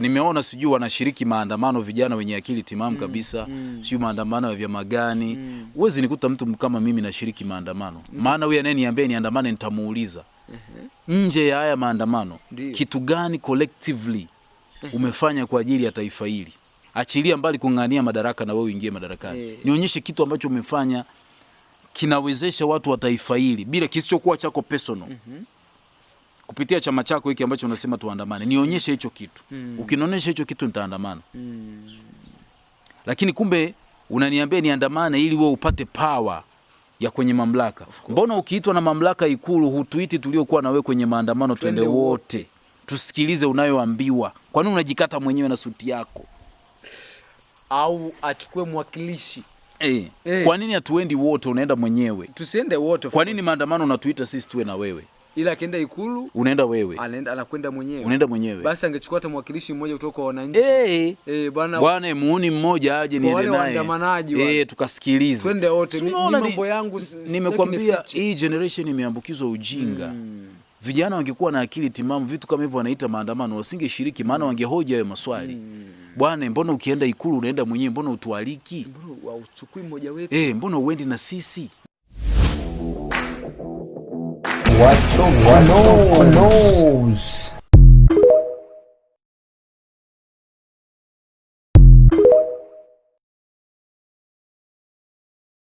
Nimeona sijui wanashiriki maandamano vijana wenye akili timamu mm, kabisa mm, mm. Sijui maandamano ya vyama gani mm. Uwezi nikuta mtu kama mimi nashiriki maandamano mm. Maana huyu anayeniambia niandamane nitamuuliza uh -huh. Nje ya haya maandamano Dio. Kitu gani collectively Umefanya kwa ajili ya taifa hili? Achilia mbali kung'ania madaraka na wewe uingie madarakani hey. Nionyeshe kitu ambacho umefanya kinawezesha watu wa taifa hili bila kisichokuwa chako personal uh -huh kupitia chama chako hiki ambacho unasema tuandamane, nionyeshe hicho kitu mm. Ukinionyesha hicho kitu nitaandamana mm. Lakini kumbe unaniambia niandamane ili wewe upate power ya kwenye mamlaka. Mbona ukiitwa na mamlaka Ikulu hutuiti tuliokuwa na wewe kwenye maandamano twende wote tusikilize unayoambiwa? Kwa nini unajikata mwenyewe na suti yako? Au achukue mwakilishi e. E. Kwa nini hatuendi wote? Unaenda mwenyewe, tusiende wote. Kwa nini maandamano unatuita sisi tuwe na wewe? ila akienda Ikulu unaenda wewe, anaenda anakwenda mwenyewe, unaenda mwenyewe. Basi angechukua hata mwakilishi mmoja kutoka kwa wananchi eh, hey, eh, hey, bwana bwana, muuni mmoja aje ni niende naye eh, tukasikilize, twende wote. ni mambo yangu nimekwambia, hii generation imeambukizwa ujinga hmm. Vijana wangekuwa na akili timamu, vitu kama hivyo wanaita maandamano wasingeshiriki, maana wangehoja hayo maswali hmm. Bwana, mbona ukienda Ikulu unaenda mwenyewe, mbona utualiki, mbona uchukui mmoja wetu eh, mbona uendi na sisi What? So what? Who knows? Who